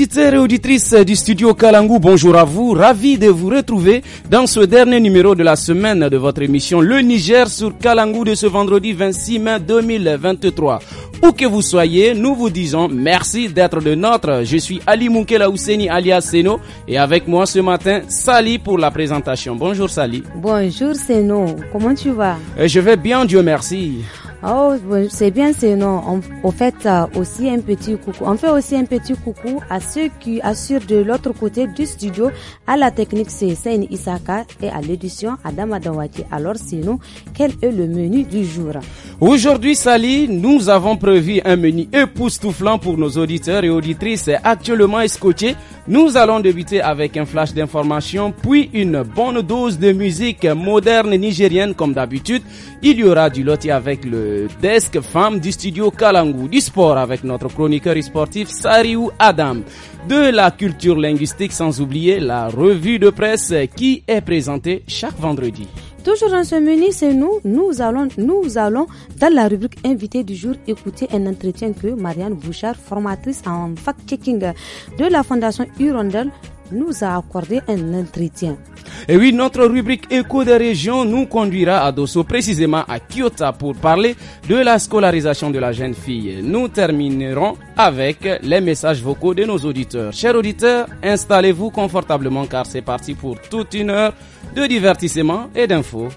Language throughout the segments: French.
auditeurs et auditrices du studio Kalangou, bonjour à vous. Ravi de vous retrouver dans ce dernier numéro de la semaine de votre émission Le Niger sur Kalangou de ce vendredi 26 mai 2023. Où que vous soyez, nous vous disons merci d'être de notre. Je suis Ali Moukela Ousseni alias Seno et avec moi ce matin, Sali pour la présentation. Bonjour Sali. Bonjour Seno, comment tu vas euh, Je vais bien, Dieu merci. Oh, c'est bien, Seno, On, fait euh, aussi un petit coucou. On fait aussi un petit coucou à ceux qui assurent de l'autre côté du studio à la technique CSN Isaka et à l'édition Adam Alors sinon, quel est le menu du jour Aujourd'hui, Sally, nous avons prévu un menu époustouflant pour nos auditeurs et auditrices actuellement escotés. Nous allons débuter avec un flash d'information, puis une bonne dose de musique moderne nigérienne comme d'habitude. Il y aura du loti avec le desk femme du studio Kalangu, du sport avec notre chroniqueur sportif Sariou Adam de la culture linguistique, sans oublier la revue de presse qui est présentée chaque vendredi. Toujours en ce menu, c'est nous, nous allons, nous allons, dans la rubrique invité du jour, écouter un entretien que Marianne Bouchard, formatrice en fact-checking de la Fondation Hirondelle, nous a accordé un entretien. Et oui, notre rubrique Écho des régions nous conduira à Dosso, précisément à Kyoto, pour parler de la scolarisation de la jeune fille. Nous terminerons avec les messages vocaux de nos auditeurs. Chers auditeurs, installez-vous confortablement car c'est parti pour toute une heure de divertissement et d'infos.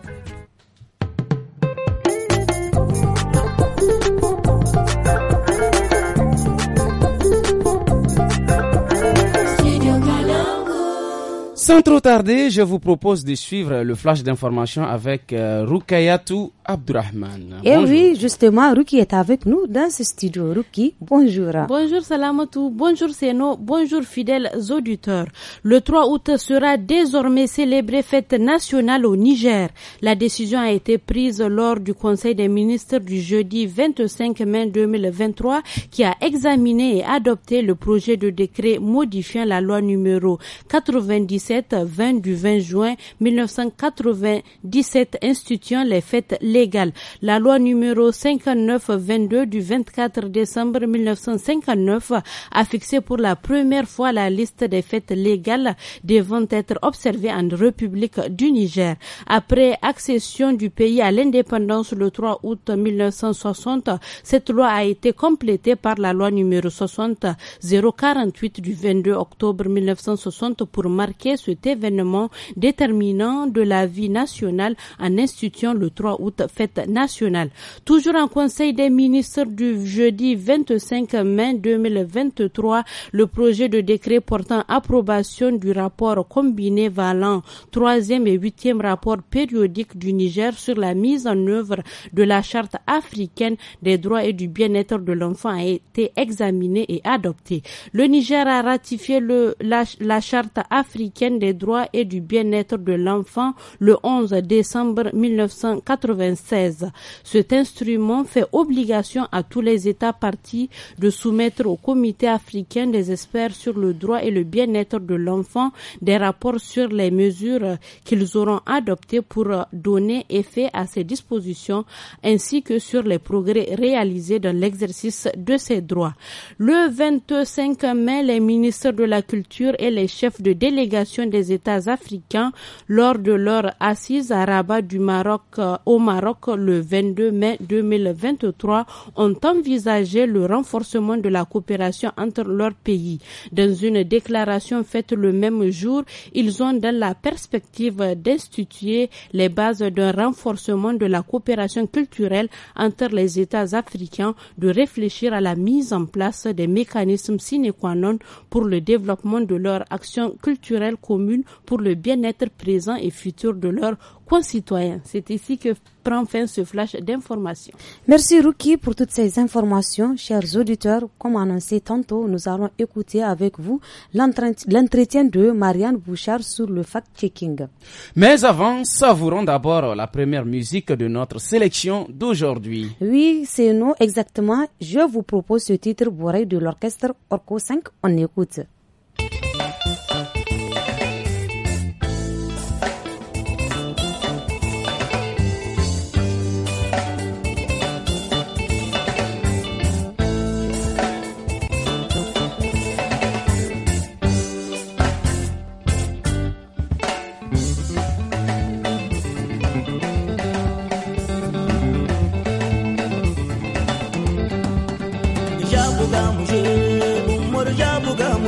Sans trop tarder, je vous propose de suivre le flash d'information avec euh, Rukayatou Abdurrahman. Et eh oui, justement, Ruki est avec nous dans ce studio. Ruki, bonjour. Bonjour Salamatou, bonjour Seno, bonjour fidèles auditeurs. Le 3 août sera désormais célébré fête nationale au Niger. La décision a été prise lors du Conseil des ministres du jeudi 25 mai 2023 qui a examiné et adopté le projet de décret modifiant la loi numéro 97 20 du 20 juin 1997 instituant les fêtes légales. La loi numéro 59-22 du 24 décembre 1959 a fixé pour la première fois la liste des fêtes légales devant être observées en République du Niger. Après accession du pays à l'indépendance le 3 août 1960, cette loi a été complétée par la loi numéro 60-048 du 22 octobre 1960 pour marquer cet événement déterminant de la vie nationale en instituant le 3 août fête nationale. Toujours en Conseil des ministres du jeudi 25 mai 2023, le projet de décret portant approbation du rapport combiné valant troisième et huitième rapport périodique du Niger sur la mise en œuvre de la Charte africaine des droits et du bien-être de l'enfant a été examiné et adopté. Le Niger a ratifié la Charte africaine des droits et du bien-être de l'enfant le 11 décembre 1996. Cet instrument fait obligation à tous les États partis de soumettre au Comité africain des experts sur le droit et le bien-être de l'enfant des rapports sur les mesures qu'ils auront adoptées pour donner effet à ces dispositions ainsi que sur les progrès réalisés dans l'exercice de ces droits. Le 25 mai, les ministres de la Culture et les chefs de délégation des États africains lors de leur assise à Rabat du Maroc euh, au Maroc le 22 mai 2023 ont envisagé le renforcement de la coopération entre leurs pays. Dans une déclaration faite le même jour, ils ont dans la perspective d'instituer les bases d'un renforcement de la coopération culturelle entre les États africains, de réfléchir à la mise en place des mécanismes sine qua non pour le développement de leur action culturelle commune pour le bien-être présent et futur de leurs concitoyens. C'est ici que prend fin ce flash d'informations. Merci Ruki pour toutes ces informations. Chers auditeurs, comme annoncé tantôt, nous allons écouter avec vous l'entretien de Marianne Bouchard sur le fact-checking. Mais avant, savourons d'abord la première musique de notre sélection d'aujourd'hui. Oui, c'est nous exactement. Je vous propose ce titre bourré de l'orchestre Orco 5. On écoute.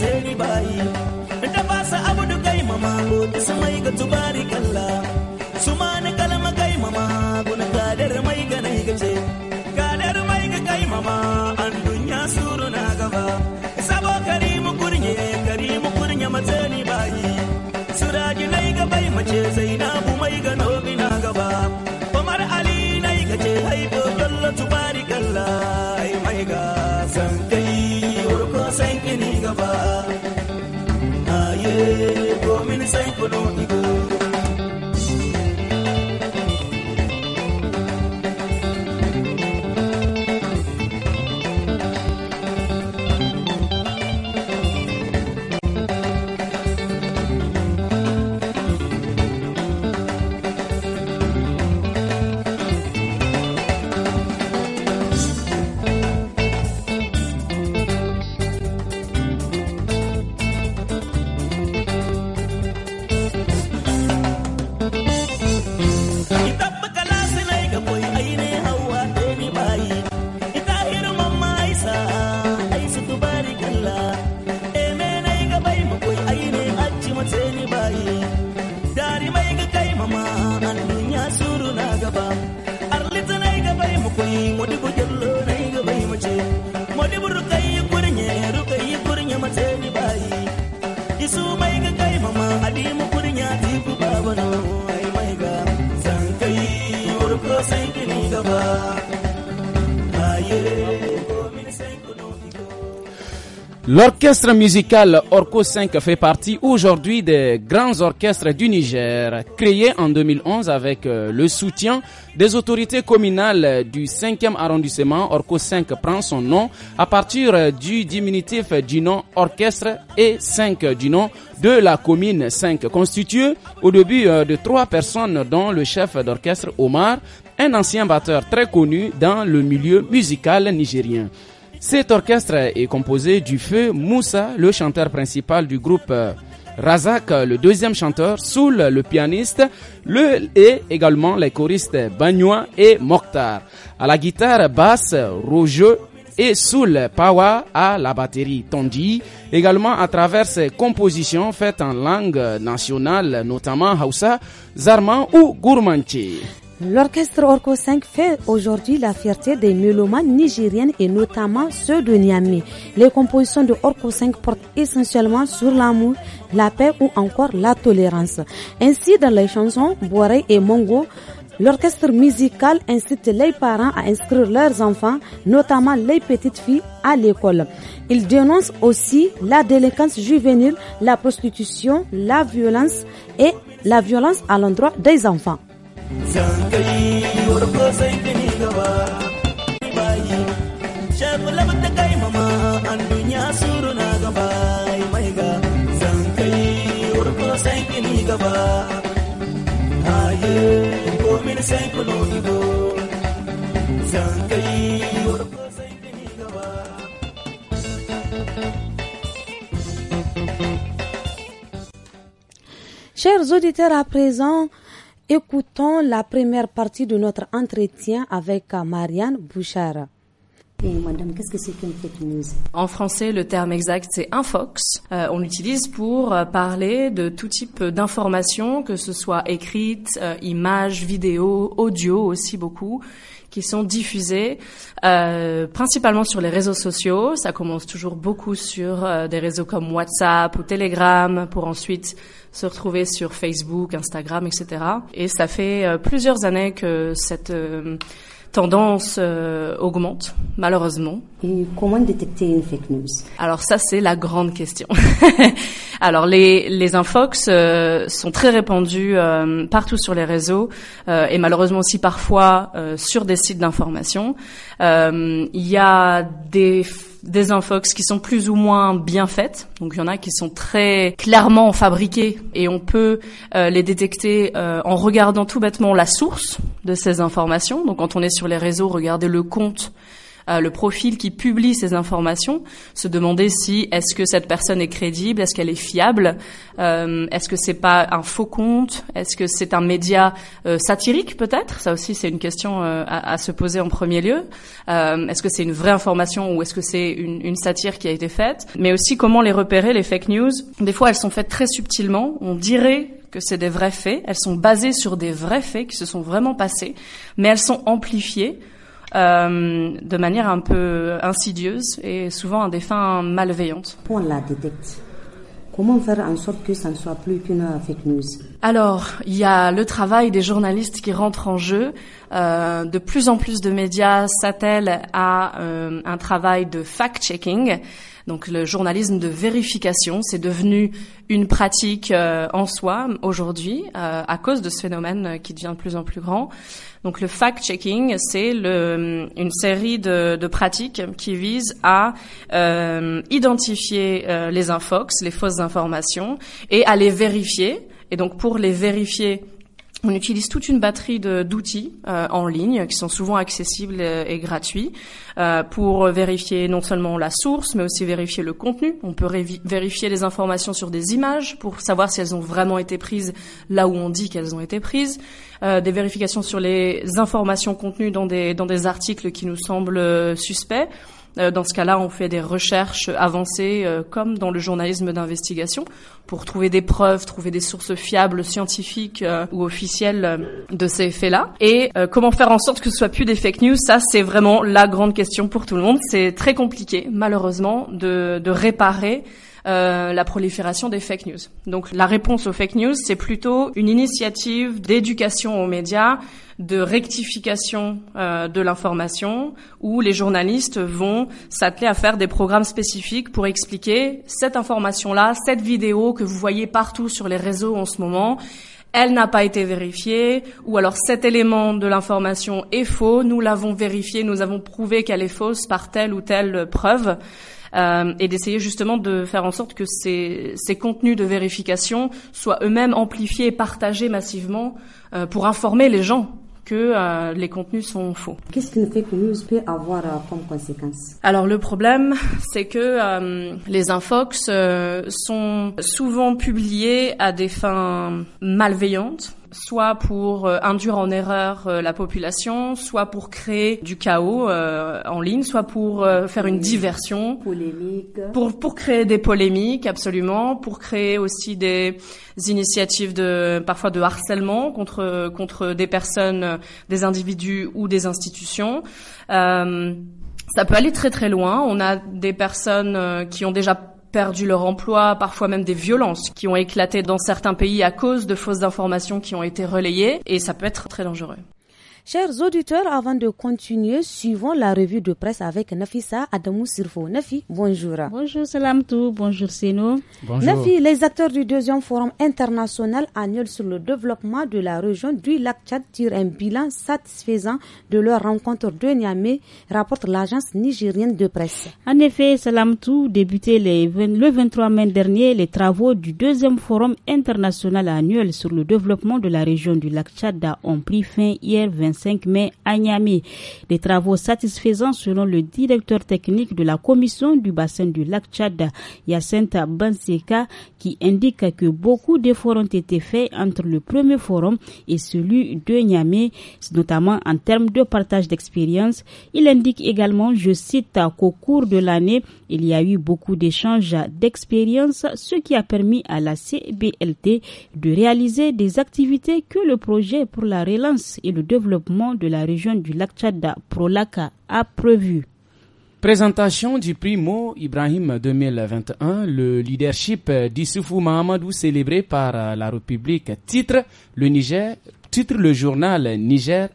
ni bayi da ba sa abu L'orchestre musical Orco 5 fait partie aujourd'hui des grands orchestres du Niger, créé en 2011 avec euh, le soutien des autorités communales du 5e arrondissement. Orco 5 prend son nom à partir euh, du diminutif du nom orchestre et 5 du nom de la commune 5, constitué au début euh, de trois personnes dont le chef d'orchestre Omar, un ancien batteur très connu dans le milieu musical nigérien. Cet orchestre est composé du feu Moussa, le chanteur principal du groupe euh, Razak, le deuxième chanteur, Soul, le pianiste, le, et également les choristes Bagnois et Mokhtar. À la guitare basse, Rougeux et Soul Pawa à la batterie Tondi, également à travers ses compositions faites en langue nationale, notamment Hausa, Zarma ou Gourmanche. L'orchestre Orco 5 fait aujourd'hui la fierté des mélomanes nigériennes et notamment ceux de Niamey. Les compositions de Orco 5 portent essentiellement sur l'amour, la paix ou encore la tolérance. Ainsi, dans les chansons Boire et Mongo, L'orchestre musical incite les parents à inscrire leurs enfants, notamment les petites filles, à l'école. Il dénonce aussi la délinquance juvénile, la prostitution, la violence et la violence à l'endroit des enfants zangai warko sai kini bayi shafu labta kai mama andunya duniya suru na gaba mai ga zangai warko sai kini gaba aye ko min sai kuno ido zangai warko sai kini gaba Chers auditeurs, à présent, Écoutons la première partie de notre entretien avec Marianne Bouchard. Madame, qu'est-ce que c'est qu'une fake news En français, le terme exact, c'est infox. fox. Euh, on l'utilise pour euh, parler de tout type d'informations, que ce soit écrite, euh, images, vidéos, audio aussi beaucoup, qui sont diffusées euh, principalement sur les réseaux sociaux. Ça commence toujours beaucoup sur euh, des réseaux comme WhatsApp ou Telegram pour ensuite se retrouver sur Facebook, Instagram, etc. Et ça fait euh, plusieurs années que cette tendance euh, augmente, malheureusement. Et comment détecter une fake news Alors ça, c'est la grande question. Alors les, les infox euh, sont très répandus euh, partout sur les réseaux et malheureusement aussi parfois sur des sites d'information. Il y a des des infox qui sont plus ou moins bien faites. Donc il y en a qui sont très clairement fabriquées et on peut euh, les détecter euh, en regardant tout bêtement la source de ces informations. Donc quand on est sur les réseaux, regardez le compte euh, le profil qui publie ces informations, se demander si est-ce que cette personne est crédible, est-ce qu'elle est fiable, euh, est-ce que c'est pas un faux compte, est-ce que c'est un média euh, satirique peut-être, ça aussi c'est une question à, se poser en premier lieu, est-ce que c'est une vraie information ou est-ce que c'est une, une, satire qui a été faite, mais aussi comment les repérer les fake news. Des fois elles sont faites très subtilement, on dirait que c'est des vrais faits, elles sont basées sur des vrais faits qui se sont vraiment passés, mais elles sont amplifiées euh, de manière un peu insidieuse et souvent à des fins malveillantes. la détecte. Comment faire en sorte que ça ne soit plus qu'une fake news Alors, il y a le travail des journalistes qui rentrent en jeu. Euh, de plus en plus de médias s'attellent à euh, un travail de fact-checking. Donc le journalisme de vérification, c'est devenu une pratique en soi aujourd'hui à cause de ce phénomène qui devient de plus en plus grand. Donc le fact-checking, c'est le, une série de, pratiques qui visent à euh, identifier euh, les infox, les fausses informations, et à les vérifier. Et donc pour les vérifier, on utilise toute une batterie d'outils euh, en ligne qui sont souvent accessibles euh, et, gratuits euh, pour vérifier non seulement la source, mais aussi vérifier le contenu. On peut vérifier les informations sur des images pour savoir si elles ont vraiment été prises là où on dit qu'elles ont été prises. des vérifications sur les informations contenues dans des, dans des articles qui nous semblent suspects. Euh, dans ce cas-là, on fait des recherches avancées, euh, comme dans le journalisme d'investigation, pour trouver des preuves, trouver des sources fiables, scientifiques euh, ou officielles de ces faits-là. Et comment faire en sorte que ce soit plus des fake news, ça c'est vraiment la grande question pour tout le monde. C'est très compliqué, malheureusement, de, de réparer euh, la prolifération des fake news. Donc la réponse aux fake news, c'est plutôt une initiative d'éducation aux médias, de rectification euh, de l'information, où les journalistes vont s'atteler à faire des programmes spécifiques pour expliquer cette information-là, cette vidéo que vous voyez partout sur les réseaux en ce moment elle n'a pas été vérifiée, ou alors cet élément de l'information est faux, nous l'avons vérifié, nous avons prouvé qu'elle est fausse par telle ou telle preuve. Euh, et d'essayer justement de faire en sorte que ces, contenus de vérification soient eux-mêmes amplifiés et partagés massivement euh, pour informer les gens que euh, les contenus sont faux. Qu'est-ce qui fait que avoir comme conséquence Alors le problème, c'est que les infox sont souvent publiés à des fins malveillantes soit pour euh, induire en erreur euh, la population, soit pour créer du chaos euh, en ligne, soit pour faire une diversion, polémique, pour pour créer des polémiques absolument, pour créer aussi des initiatives de parfois de harcèlement contre contre des personnes, des individus ou des institutions. ça peut aller très très loin. On a des personnes qui ont déjà perdu leur emploi, parfois même des violences qui ont éclaté dans certains pays à cause de fausses informations qui ont été relayées, et ça peut être très dangereux. Chers auditeurs, avant de continuer, suivons la revue de presse avec Nafisa Adamou Sirfo. Nafi, bonjour. Bonjour Salamtou, bonjour Sino. Bonjour. Nafi, les acteurs du deuxième forum international annuel sur le développement de la région du lac Tchad tirent un bilan satisfaisant de leur rencontre de Niamey, rapporte l'agence nigérienne de presse. En effet, Salamtou débuté le 23 mai dernier les travaux du deuxième forum international annuel sur le développement de la région du lac Tchad ont pris fin hier 20 5 mai à Niamey. Des travaux satisfaisants selon le directeur technique de la commission du bassin du lac Tchad, Yacinta Banseka, qui indique que beaucoup d'efforts ont été faits entre le premier forum et celui de Niamey, notamment en termes de partage d'expérience. Il indique également, je cite, qu'au cours de l'année, il y a eu beaucoup d'échanges d'expérience, ce qui a permis à la CBLT de réaliser des activités que le projet pour la relance et le développement de la région du lac Tchad, Prolaka, a prévu. Présentation du Primo Ibrahim 2021, le leadership d'Issoufou Mahamadou célébré par la République. Titre le Niger, titre le journal Niger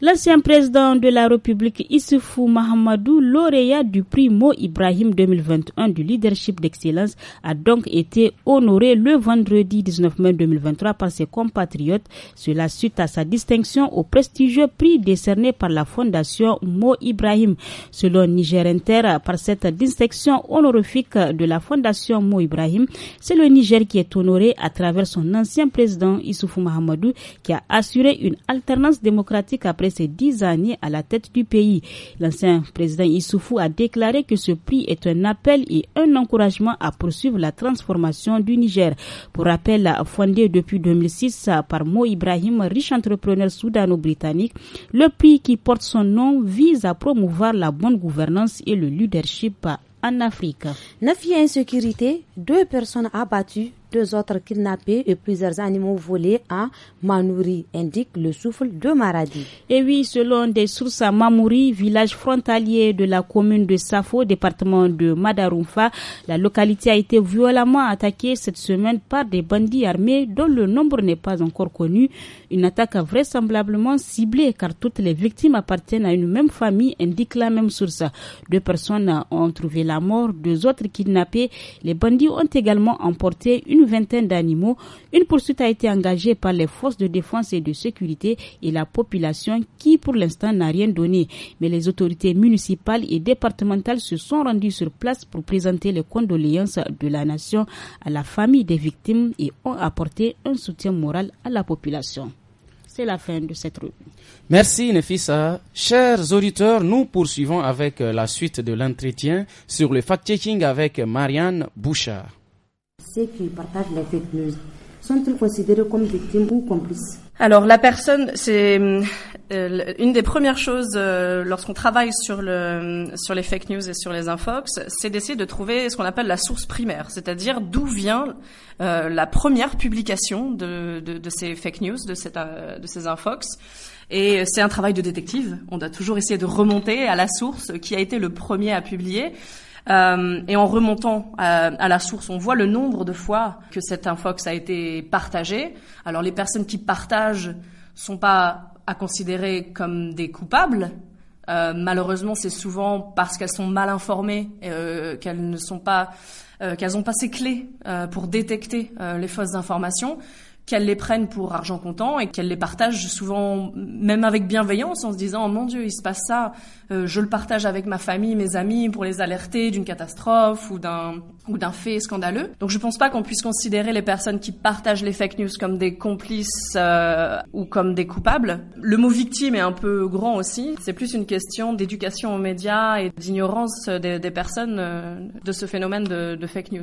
L'ancien président de la République Issoufou Mahamadou, lauréat du prix Mo Ibrahim 2021 du leadership d'excellence, a donc été honoré le vendredi 19 mai 2023 par ses compatriotes, cela suite à sa distinction au prestigieux prix décerné par la Fondation Mo Ibrahim. Selon Niger Inter, par cette distinction honorifique de la Fondation Mo Ibrahim, c'est le Niger qui est honoré à travers son ancien président Issoufou Mahamadou qui a assuré une alternance démocratique après ses dix années à la tête du pays. L'ancien président Issoufou a déclaré que ce prix est un appel et un encouragement à poursuivre la transformation du Niger. Pour rappel, fondé depuis 2006 par Mo Ibrahim, riche entrepreneur soudano-britannique, le prix qui porte son nom vise à promouvoir la bonne gouvernance et le leadership en Afrique. Neuf insécurité, deux personnes abattues, deux autres kidnappés et plusieurs animaux volés à Manouri, indique le souffle de Maradi. Et oui, selon des sources à Mamouri, village frontalier de la commune de Safo, département de Madarumfa, la localité a été violemment attaquée cette semaine par des bandits armés dont le nombre n'est pas encore connu. Une attaque vraisemblablement ciblée car toutes les victimes appartiennent à une même famille, indique la même source. Deux personnes ont trouvé la mort, deux autres kidnappés. Les bandits ont également emporté une vingtaine d'animaux. Une poursuite a été engagée par les forces de défense et de sécurité et la population qui, pour l'instant, n'a rien donné. Mais les autorités municipales et départementales se sont rendues sur place pour présenter les condoléances de la nation à la famille des victimes et ont apporté un soutien moral à la population. C'est la fin de cette revue. Merci Nefissa. Chers auditeurs, nous poursuivons avec euh, la suite de l'entretien sur le fact-checking avec Marianne Bouchard. Ceux qui partagent les fake news sont-ils considérés comme victimes ou complices Alors la personne, c'est euh, une des premières choses euh, lorsqu'on travaille sur, le, sur les fake news et sur les infox, c'est d'essayer de trouver ce qu'on appelle la source primaire, c'est-à-dire d'où vient euh, la première publication de, de, ces fake news, de, cette, de ces infox. Et c'est un travail de détective. On doit toujours essayer de remonter à la source qui a été le premier à publier. Euh, et en remontant euh, à, la source, on voit le nombre de fois que que infox a été partagée. Alors les personnes qui partagent sont pas à considérer comme des coupables. Euh, malheureusement, c'est souvent parce qu'elles sont mal informées, qu'elles ne sont pas, qu'elles n'ont pas ces clés pour détecter les fausses informations qu'elles les prennent pour argent comptant et qu'elles les partagent souvent même avec bienveillance en se disant oh mon dieu il se passe ça euh, je le partage avec ma famille mes amis pour les alerter d'une catastrophe ou d'un ou d'un fait scandaleux donc je pense pas qu'on puisse considérer les personnes qui partagent les fake news comme des complices euh, ou comme des coupables le mot victime est un peu grand aussi c'est plus une question d'éducation aux médias et d'ignorance des, des personnes euh, de ce phénomène de, de fake news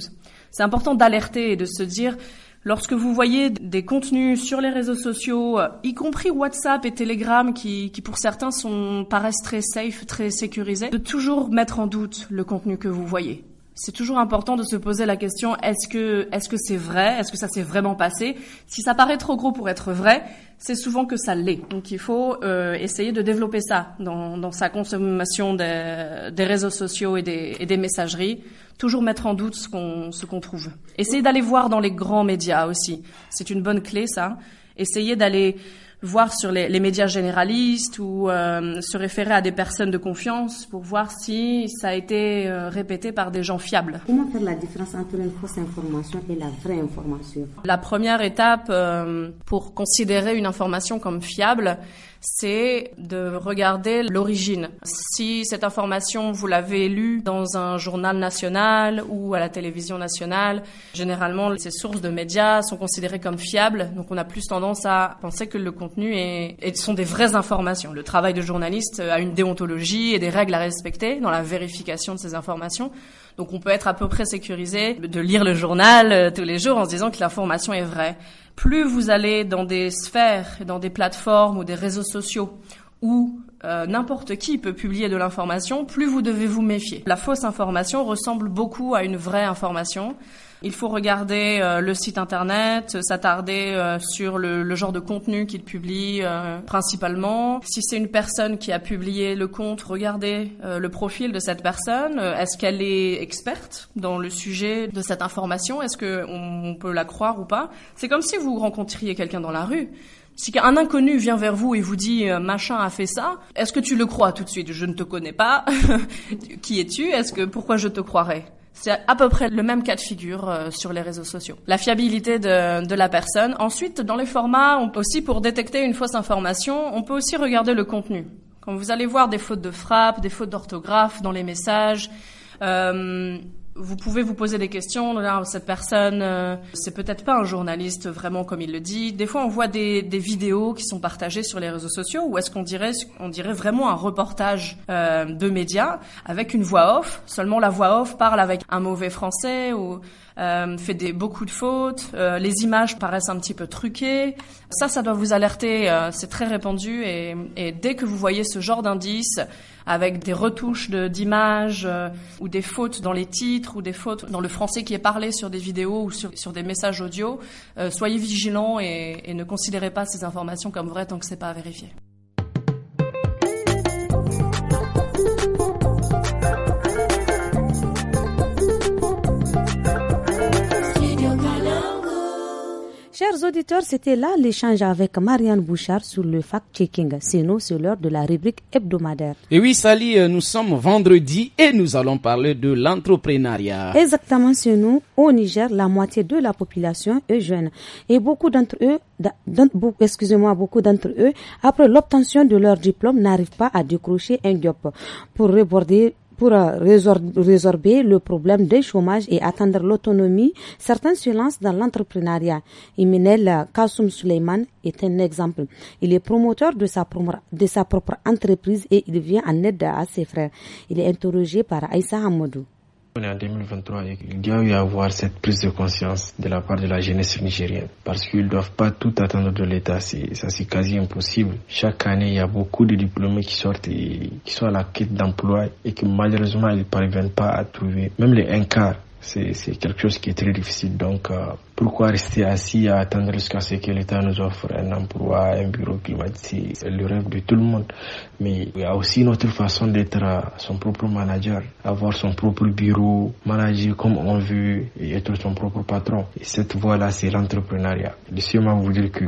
c'est important d'alerter et de se dire Lorsque vous voyez des contenus sur les réseaux sociaux, euh, y compris WhatsApp et Telegram, qui, pour certains sont, paraissent très safe, très sécurisés, de toujours mettre en doute le contenu que vous voyez c'est toujours important de se poser la question est-ce que est-ce que c'est vrai Est-ce que ça s'est vraiment passé Si ça paraît trop gros pour être vrai, c'est souvent que ça l'est. Donc il faut euh, essayer de développer ça dans, sa consommation des, réseaux sociaux et des, et des messageries. Toujours mettre en doute ce qu'on ce qu'on trouve. Essayer d'aller voir dans les grands médias aussi. C'est une bonne clé ça. Essayer d'aller voir sur les, médias généralistes ou euh, se référer à des personnes de confiance pour voir si ça a été euh, répété par des gens fiables. Comment faire la différence entre une fausse information et la vraie information La première étape euh, pour considérer une information comme fiable, c'est de regarder l'origine. Si cette information, vous l'avez lue dans un journal national ou à la télévision nationale, généralement, ces sources de médias sont considérées comme fiables, donc on a plus tendance à penser que le contenu est, et sont des vraies informations. Le travail de journaliste a une déontologie et des règles à respecter dans la vérification de ces informations. Donc on peut être à peu près sécurisé de lire le journal euh, tous les jours en se disant que l'information est vraie. Plus vous allez dans des sphères, dans des plateformes ou des réseaux sociaux où euh, n'importe qui peut publier de l'information, plus vous devez vous méfier. La fausse information ressemble beaucoup à une vraie information. Il faut regarder euh, le site internet, s'attarder euh, sur le, genre de contenu qu'il publie euh, principalement. Si c'est une personne qui a publié le compte, regardez le profil de cette personne. Est-ce qu'elle est experte dans le sujet de cette information Est-ce qu'on on peut la croire ou pas C'est comme si vous rencontriez quelqu'un dans la rue. Si un inconnu vient vers vous et vous dit machin a fait ça, est-ce que tu le crois tout de suite Je ne te connais pas. qui es-tu Est-ce que pourquoi je te croirais c'est à peu près le même cas de figure euh, sur les réseaux sociaux. La fiabilité de, la personne. Ensuite, dans les formats, on aussi pour détecter une fausse information, on peut aussi regarder le contenu. Quand vous allez voir des fautes de frappe, des fautes d'orthographe dans les messages, euh, vous pouvez vous poser des questions. Oh là, cette personne, euh, c'est peut-être pas un journaliste vraiment comme il le dit. Des fois, on voit des, des vidéos qui sont partagées sur les réseaux sociaux ou est-ce qu'on dirait, on dirait vraiment un reportage euh, de médias avec une voix off. Seulement, la voix off parle avec un mauvais français ou euh, fait des, beaucoup de fautes, euh, les images paraissent un petit peu truquées. Ça, ça doit vous alerter, euh, c'est très répandu et, dès que vous voyez ce genre d'indice avec des retouches d'images ou des fautes dans les titres ou des fautes dans le français qui est parlé sur des vidéos ou sur, des messages audio, soyez vigilants et, et ne considérez pas ces informations comme vraies tant que c'est pas vérifié. Chers auditeurs, c'était là l'échange avec Marianne Bouchard sur le fact-checking. C'est nous, c'est l'heure de la rubrique hebdomadaire. Et oui, Sally, euh, nous sommes vendredi et nous allons parler de l'entrepreneuriat. Exactement, c'est nous. Au Niger, la moitié de la population est jeune. Et beaucoup d'entre eux, excusez-moi, beaucoup d'entre eux, après l'obtention de leur diplôme, n'arrivent pas à décrocher un job. Pour reborder pour euh, résorber le problème des chômage et atteindre l'autonomie, certains se lancent dans l'entrepreneuriat. Iminel euh, Kassoum Suleiman est un exemple. Il est promoteur de sa, propre entreprise et il vient en aide à ses frères. Il est interrogé par Aïssa Hamoudou. On est en 2023 et il doit y avoir cette prise de conscience de la part de la jeunesse nigérienne parce qu'ils ne doivent pas tout attendre de l'État, C'est, ça c'est quasi impossible. Chaque année, il y a beaucoup de diplômés qui sortent et qui sont à la quête d'emploi et que malheureusement ils ne parviennent pas à trouver même les un quart c'est quelque chose qui est très difficile. Donc, euh, pourquoi rester assis à attendre jusqu'à ce que l'État nous offre un emploi, un bureau climatique C'est le rêve de tout le monde. Mais il y a aussi une autre façon d'être euh, son propre manager, avoir son propre bureau, manager comme on veut et être son propre patron. Et cette voie-là, c'est l'entrepreneuriat. Laissez-moi vous dire que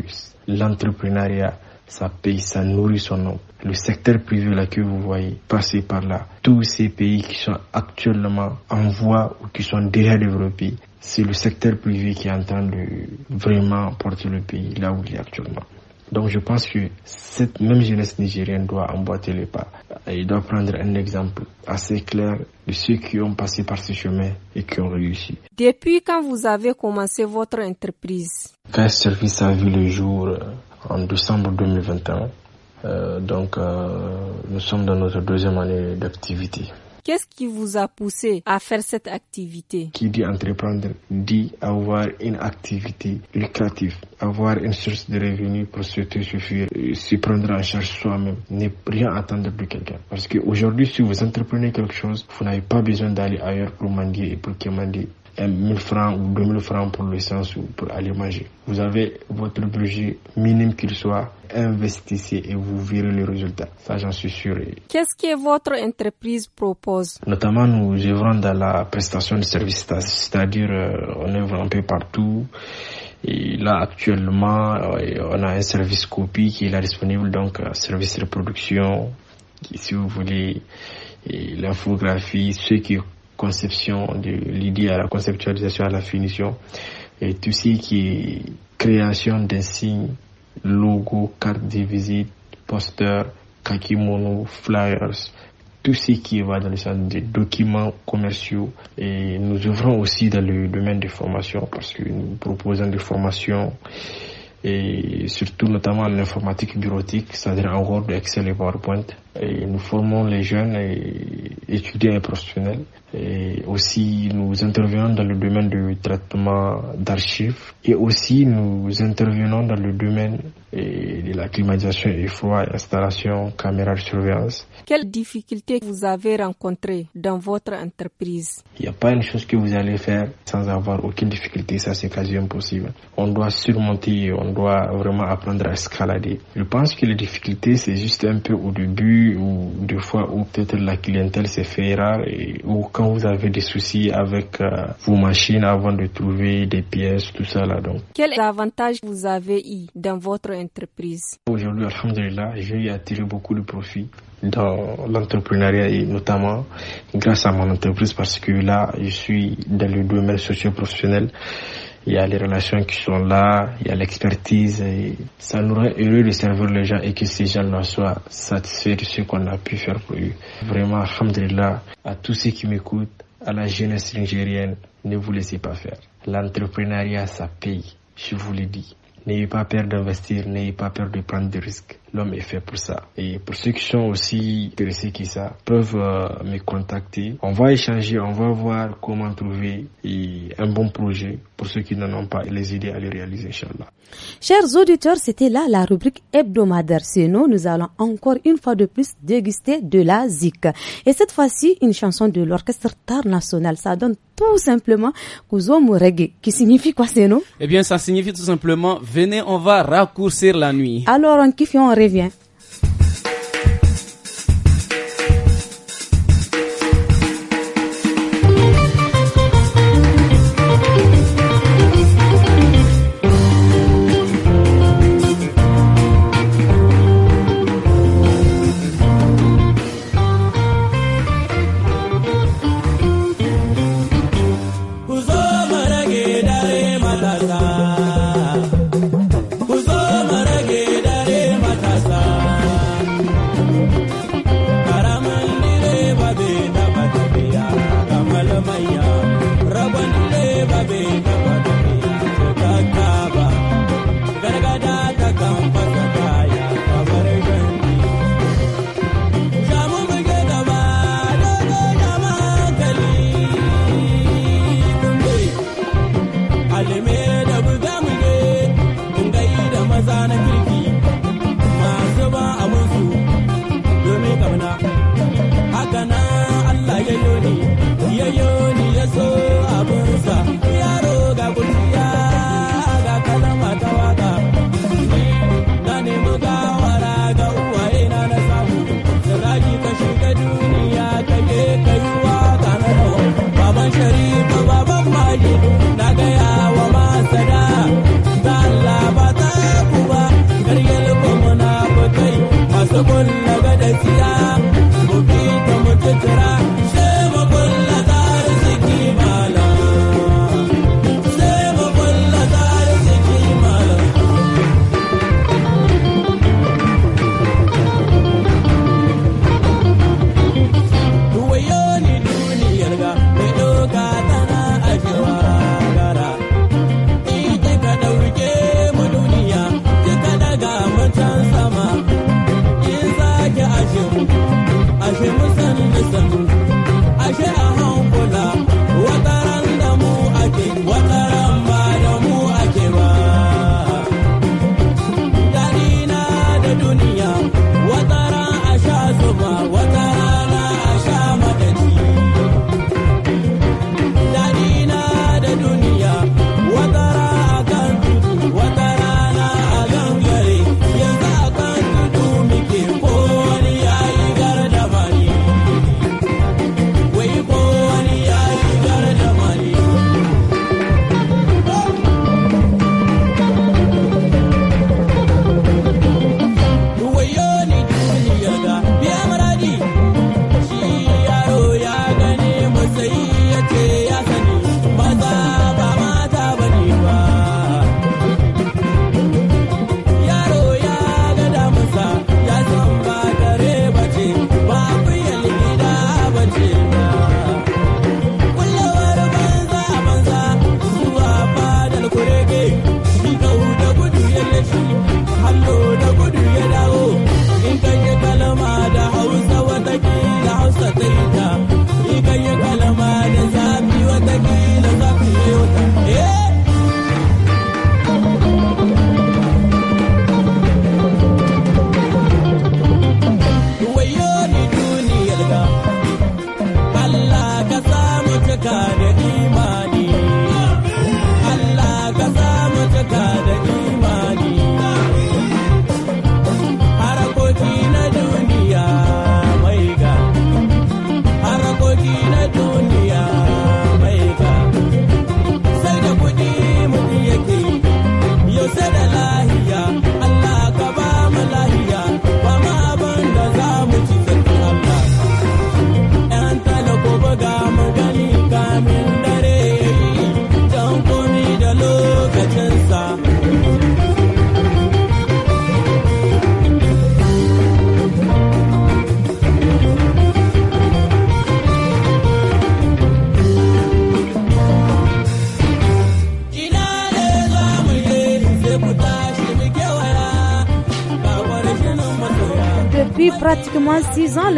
l'entrepreneuriat, ça paye, ça nourrit son nom le secteur privé là que vous voyez passer par là, tous ces pays qui sont actuellement en voie ou qui sont déjà développés, c'est le secteur privé qui est en train de vraiment porter le pays là où il est actuellement. Donc je pense que cette même jeunesse nigérienne doit emboîter les pas. Elle doit prendre un exemple assez clair de ceux qui ont passé par ce chemin et qui ont réussi. Depuis quand vous avez commencé votre entreprise le Service a vu le jour euh, en décembre 2021. Euh, donc, euh, nous sommes dans notre deuxième année d'activité. Qu'est-ce qui vous a poussé à faire cette activité Qui dit entreprendre dit avoir une activité lucrative, avoir une source de revenus pour se suffire, euh, se prendre en charge soi-même, ne rien attendre de quelqu'un. Parce qu'aujourd'hui, si vous entreprenez quelque chose, vous n'avez pas besoin d'aller ailleurs pour mendier et pour commander. 1000 francs ou 2000 francs pour l'essence ou pour aller manger. Vous avez votre budget minime qu'il soit, investissez et vous verrez les résultats. Ça, j'en suis sûr. Qu'est-ce que votre entreprise propose Notamment, nous œuvrons dans la prestation de services, c'est-à-dire euh, on œuvre un peu partout. Et là, actuellement, euh, on a un service copie qui est là disponible, donc euh, service reproduction, si vous voulez, l'infographie, ce qui conception, de l'idée à la conceptualisation, à la finition, et tout ce qui est création d'un signe, logo, carte de visite, poster, kakimono, flyers, tout ce qui va dans le sens des documents commerciaux. Et nous ouvrons aussi dans le domaine des formations parce que nous proposons des formations et surtout notamment l'informatique bureautique, c'est-à-dire en Word, Excel et PowerPoint. Et nous formons les jeunes et étudiants et professionnels. Et aussi, nous intervenons dans le domaine du traitement d'archives. Et aussi, nous intervenons dans le domaine et de la climatisation et froid, installation, caméra de surveillance. Quelles difficultés vous avez rencontrées dans votre entreprise Il n'y a pas une chose que vous allez faire sans avoir aucune difficulté, ça c'est quasi impossible. On doit surmonter, on doit vraiment apprendre à escalader. Je pense que les difficultés c'est juste un peu au début ou des fois où peut-être la clientèle se fait ou quand vous avez des soucis avec euh, vos machines avant de trouver des pièces, tout ça là donc. Quels avantages vous avez eu dans votre entreprise entreprise Aujourd'hui, Alhamdulillah, j'ai attiré beaucoup de profit dans l'entrepreneuriat et notamment grâce à mon entreprise parce que là, je suis dans le domaine socio-professionnel. Il y a les relations qui sont là, il y a l'expertise. Et ça nous rend heureux de servir les gens et que ces gens-là soient satisfaits de ce qu'on a pu faire pour eux. Vraiment, Alhamdulillah, à tous ceux qui m'écoutent, à la jeunesse nigérienne, ne vous laissez pas faire. L'entrepreneuriat, ça paye, je vous le dis. N'ayez pas peur d'investir, n'ayez pas peur de prendre des risques l'homme est fait pour ça. Et pour ceux qui sont aussi intéressés qui ça, peuvent euh, me contacter. On va échanger, on va voir comment trouver un bon projet pour ceux qui n'en ont pas et les idées à les réaliser, Chers auditeurs, c'était là la rubrique hebdomadaire. Sinon, nous allons encore une fois de plus déguster de la zik. Et cette fois-ci, une chanson de l'orchestre Tar National. Ça donne tout simplement Kuzomu Reggae, qui signifie quoi, Sinon? Eh bien, ça signifie tout simplement, venez, on va raccourcir la nuit. Alors, en kiffe Yeah.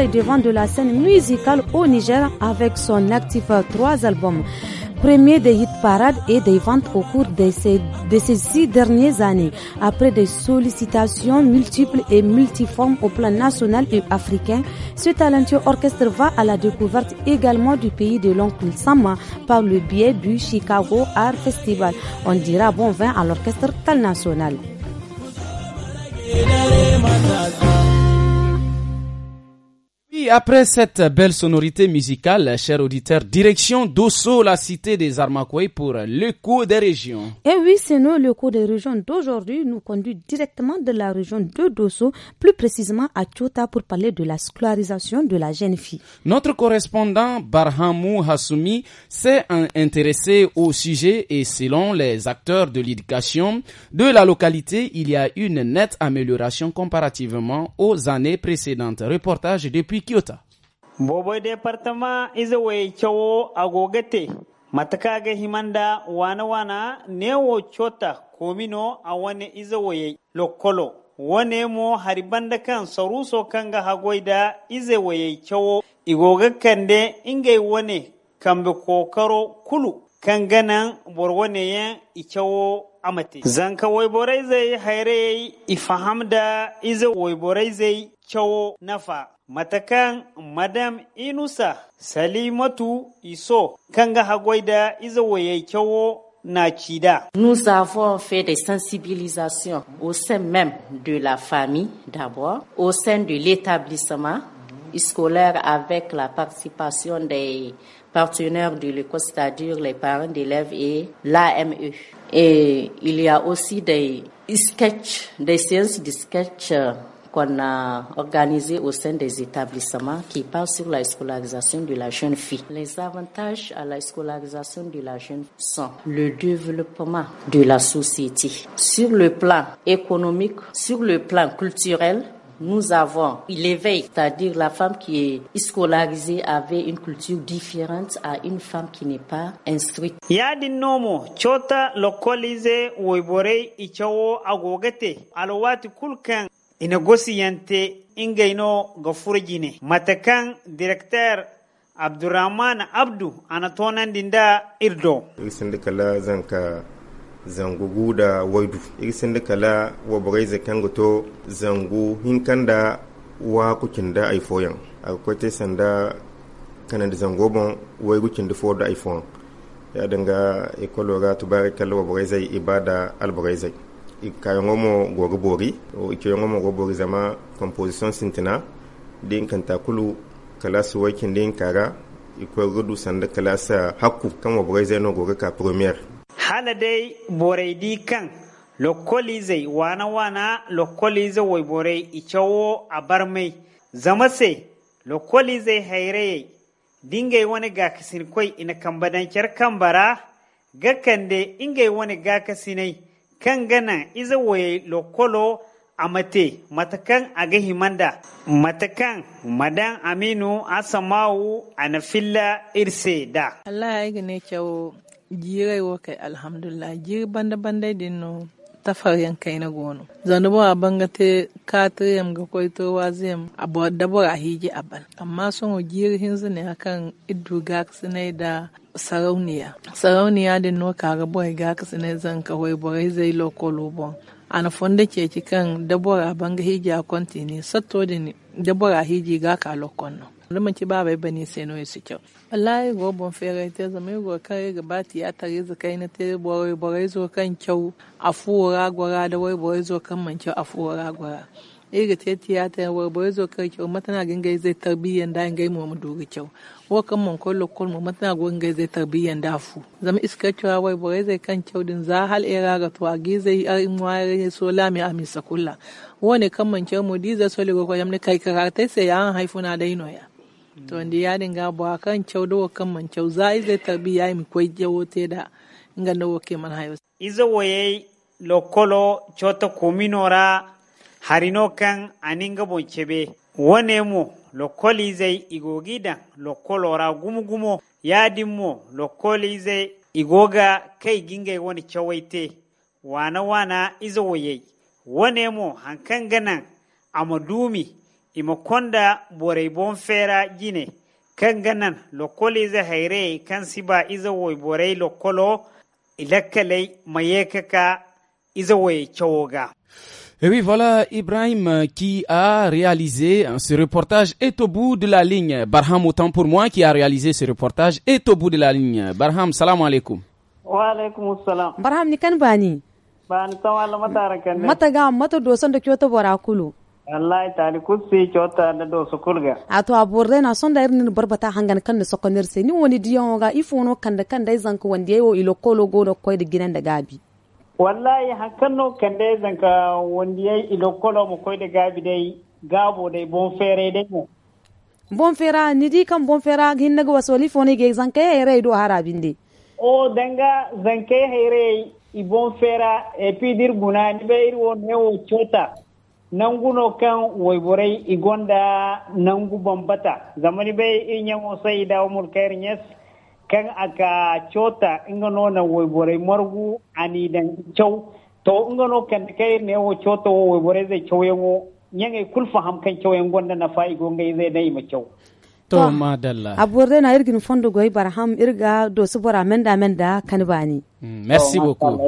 devant de la scène musicale au Niger avec son actif trois albums, premier des hit parades et des ventes au cours de ces, ces six dernières années, après des sollicitations multiples et multiformes au plan national et africain. Ce talentueux orchestre va à la découverte également du pays de l'oncle Sama par le biais du Chicago Art Festival. On dira bon vin à l'orchestre tal national. après cette belle sonorité musicale, chers auditeurs, direction Dosso, la cité des Armakoué pour le cours des régions. Eh oui, c'est nous, le cours des régions d'aujourd'hui nous conduit directement de la région de Dosso, plus précisément à Tchota, pour parler de la scolarisation de la jeune fille. Notre correspondant, Barhamou Hassoumi, s'est intéressé au sujet et selon les acteurs de l'éducation de la localité, il y a une nette amélioration comparativement aux années précédentes. Reportage depuis qui Toyota. Bobode fartama iza wai kyawo agogate da himanda wana-wana wo chota komino a wani iza lokolo wane mo da kan saruso kanga hagoida iza waye kyawo igoga kande ingai wane kambe kokaro kulu kan ganan borwaneyen ikyawo amate wai borai zai haire ifaham da iza zai kyawo nafa matakan Nous avons fait des sensibilisations au sein même de la famille d'abord, au sein de l'établissement scolaire avec la participation des partenaires de l'école, cest à les parents d'élèves et l'AME. Et il y a aussi des sketchs, des séances de sketchs, euh, qu'on a organisé au sein des établissements qui parlent sur la scolarisation de la jeune fille. Les avantages à la scolarisation de la jeune fille sont le développement de la société sur le plan économique, sur le plan culturel, nous avons l'éveil, c'est-à-dire la femme qui est scolarisée avait une culture différente à une femme qui n'est pas instruite. Il chota agogete ina inga ingayno ga jine matakan direktar abdurrahman abdu ana dinda irdo igisindi kala zanka zangugu da waidu igisindi kala wa bugai zakan to zangu hinkan da wa kukin da aifoyan akwai ta sanda kanan da bon wai gukin da da iphone ya danga ikwalo ga tubarikal wa bugai zai ibada albugai zai ikayongomo gogo bori o ikayongomo gogo bori zama composition sintina din kantakulu kulu kalasu wakin din kara ikwai gudu sanda kalasa hakku kan waburai zai gogo ka premier hala dai di kan lokoli zai wana wana lokoli zai wai borai icawo a bar mai zama sai lokoli zai haira dingai wani gakasin koi ina kambadancar kambara gakande ingai wani gakasinai kan gana iza waye lokolo mate matakan agahi manda matakan madan aminu asamawu fila irse da Allah ya gane kyau jirai wa kai alhamdulillah jiri banda banda din tafaryan kai na gono zanu ba a banga te yam ga koito waziyam a bo dabo a hiji a ban. amma sun o giri hinzu ne akan iddu ga sinai da sarauniya sarauniya din no kaga boy ga sinai zan ka hoy boy zai lokolo bon ana fonda ke ci kan a banga hiji a kontini satto din a hiji ga ka lokon no ba bai bani sai no su kyau wallahi go bon fere te zame go kare gabati ya tare zu kai na yi borai borai zo kan kyau a fura gwara da wai borai zo kan man kyau a fuwara gwara iri e te tiyata wai borai zo kan kyau matana gingai zai tarbi da ngai mu mu dogi kyau wa kan man kollo kol matana go ngai zai tarbi da fu zame iska cewa wai borai zai kan kyau din za hal era ga to agi zai in ware so lami amisa kulla wone kan man kyau mu diza so le go ko yamne kai karate sai an haifuna da inoya to ndi ya dinga bo kan cewdo kan man cew zai zai tabi yayi mi koy jewo te da inga no woke man hayo izo woye lokolo choto kuminora harino kan aninga bon chebe wone mo lokoli zai igogida lokolo gumu gumo yadin mo lokoli zai igoga kai ginga wani te? wana wana izo woye wone mo hankan ganan amadumi imo konda fera kan siba iza mayekaka Et oui, voilà Ibrahim qui a réalisé ce reportage est au bout de la ligne. Barham, autant pour moi, qui a réalisé ce reportage est au bout de la ligne. Barham, salam alaikum. Wa alaikum salam. Barham, ni kan bani? Bani, tawala matara kan. Mataga, matodo, mata dosan kyoto wallahi tani kusi chota na do sokulga ato aburde na sonda erni barbata hangan kan ne sokoner se ni woni diyonga ifono kanda kanda izanko e wandiye o kolo go no koyde ginan da gabi wallahi hankanno kanda izanka e wandiye kolo mo koyde gabi dai gabo dai bon fere de mo bon fera ni di kan bon fera hinna go wasoli foni ge zanka ere do harabinde o danga zanke here i bon fera e pidir guna ni be irwo e ne o chota guno kan wayboray igonda nangu bata zamani yamo sai da umur kair nyes kan aka cota ingano na waiburai margu ani dan chow to ingano kan kair ne wo cota wo waiburai zai chow yango nyange kul faham kan chow yango da na fa'i gonga zai dai ma chow to madalla aburde na irgin fondo goy barham irga do subora menda menda kanibani mm, merci oh, beaucoup